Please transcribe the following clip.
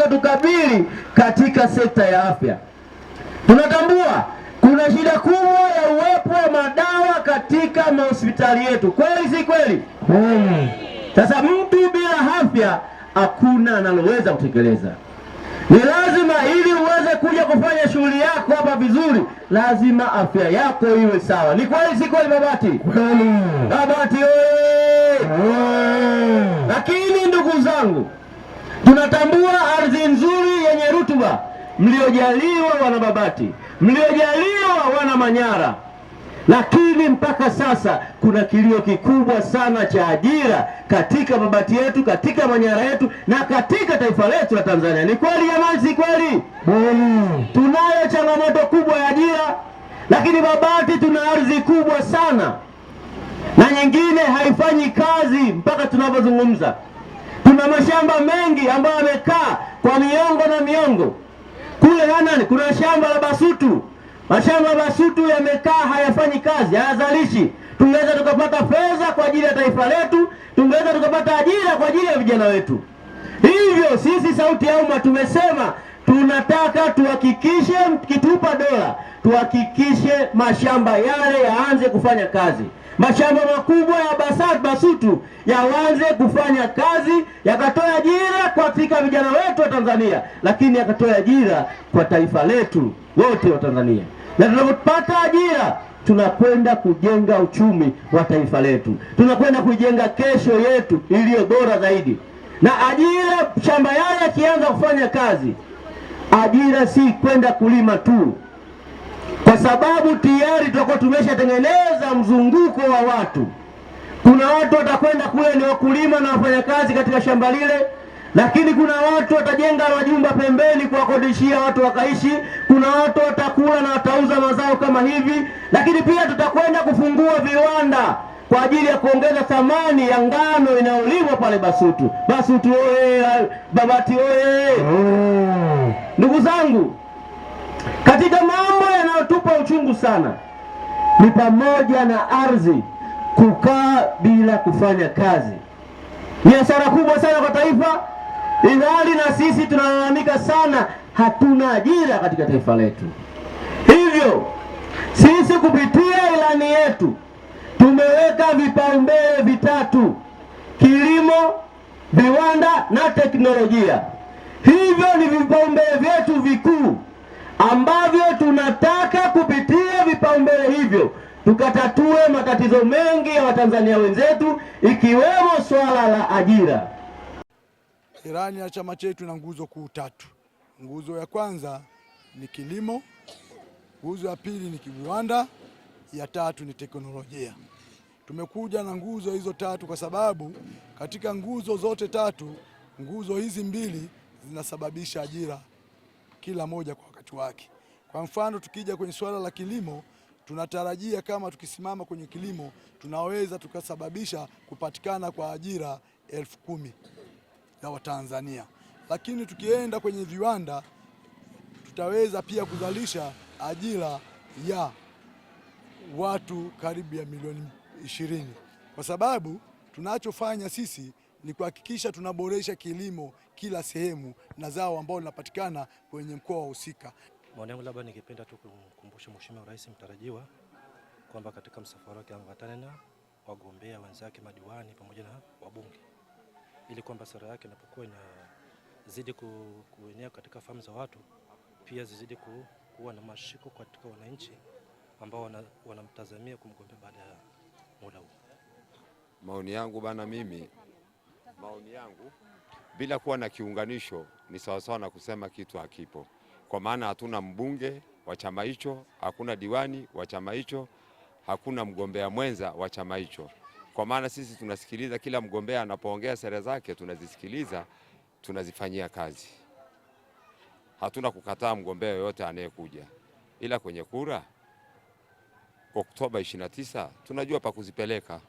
zinazotukabili katika sekta ya afya. Tunatambua kuna shida kubwa ya uwepo wa madawa katika mahospitali yetu, kweli si kweli? Sasa hmm, mtu bila afya hakuna analoweza kutekeleza. Ni lazima ili uweze kuja kufanya shughuli yako hapa vizuri, lazima afya yako iwe sawa. Ni kweli si kweli, Babati? Kweli Babati oye! Lakini ndugu zangu Tunatambua ardhi nzuri yenye rutuba mliojaliwa wana Babati, mliojaliwa wana Manyara, lakini mpaka sasa kuna kilio kikubwa sana cha ajira katika Babati yetu, katika Manyara yetu na katika taifa letu la Tanzania. Ni kweli jamani, si kweli? Mm. Tunayo changamoto kubwa ya ajira, lakini Babati tuna ardhi kubwa sana na nyingine haifanyi kazi mpaka tunavyozungumza. Kuna mashamba mengi ambayo yamekaa kwa miongo na miongo. Kule Hanani kuna shamba la basutu, mashamba ya basutu yamekaa hayafanyi kazi, hayazalishi. Tungeweza tukapata fedha kwa ajili ya taifa letu, tungeweza tukapata ajira kwa ajili ya vijana wetu. Hivyo sisi Sauti ya Umma tumesema tunataka tuhakikishe, mkitupa dola tuhakikishe mashamba yale yaanze kufanya kazi mashamba makubwa ya Basati Basutu yaanze kufanya kazi, yakatoa ajira kwa Afrika vijana wetu wa Tanzania, lakini yakatoa ajira kwa taifa letu wote wa Tanzania, na tunapopata ajira tunakwenda kujenga uchumi wa taifa letu, tunakwenda kujenga kesho yetu iliyo bora zaidi. Na ajira, shamba yale yakianza kufanya kazi, ajira si kwenda kulima tu kwa sababu tayari tutakuwa tumeshatengeneza mzunguko wa watu. Kuna watu watakwenda kule ni wakulima na wafanyakazi katika shamba lile, lakini kuna watu watajenga majumba pembeni kuwakodishia watu wakaishi. Kuna watu watakula na watauza mazao kama hivi, lakini pia tutakwenda kufungua viwanda kwa ajili ya kuongeza thamani ya ngano inayolimwa pale Basutu. Basutu oye! Babati oye! Oh. Ndugu zangu katika mambo yanayotupa uchungu sana ni pamoja na ardhi kukaa bila kufanya kazi. Ni hasara kubwa sana kwa taifa, ingali na sisi tunalalamika sana, hatuna ajira katika taifa letu. Hivyo sisi kupitia ilani yetu tumeweka vipaumbele vitatu: kilimo, viwanda na teknolojia. Hivyo ni vipaumbele vyetu ambavyo tunataka kupitia vipaumbele hivyo tukatatue matatizo mengi ya Watanzania wenzetu ikiwemo swala la ajira. Ilani ya chama chetu ina nguzo kuu tatu. Nguzo ya kwanza ni kilimo, nguzo ya pili ni kiviwanda, ya tatu ni teknolojia. Tumekuja na nguzo hizo tatu kwa sababu katika nguzo zote tatu, nguzo hizi mbili zinasababisha ajira kila moja kwa wakati wake. Kwa mfano tukija kwenye suala la kilimo, tunatarajia kama tukisimama kwenye kilimo tunaweza tukasababisha kupatikana kwa ajira elfu kumi za Watanzania, lakini tukienda kwenye viwanda tutaweza pia kuzalisha ajira ya watu karibu ya milioni ishirini, kwa sababu tunachofanya sisi ni kuhakikisha tunaboresha kilimo kila sehemu na zao ambao linapatikana kwenye mkoa wa husika. Maoni yangu labda ningependa tu kumkumbusha Mheshimiwa Rais mtarajiwa kwamba katika msafara wake aambatane na wagombea wenzake, madiwani pamoja na wabunge, ili kwamba sera yake inapokuwa inazidi kuenea katika fahamu za watu, pia zizidi ku, kuwa na mashiko katika wananchi ambao wanamtazamia wana kumgombea baada ya muda huu. Maoni yangu bana, mimi maoni yangu bila kuwa na kiunganisho ni sawasawa na kusema kitu hakipo, kwa maana hatuna mbunge wa chama hicho, hakuna diwani wa chama hicho, hakuna mgombea mwenza wa chama hicho. Kwa maana sisi tunasikiliza kila mgombea anapoongea sera zake, tunazisikiliza, tunazifanyia kazi. Hatuna kukataa mgombea yoyote anayekuja, ila kwenye kura Oktoba 29 tunajua pa kuzipeleka.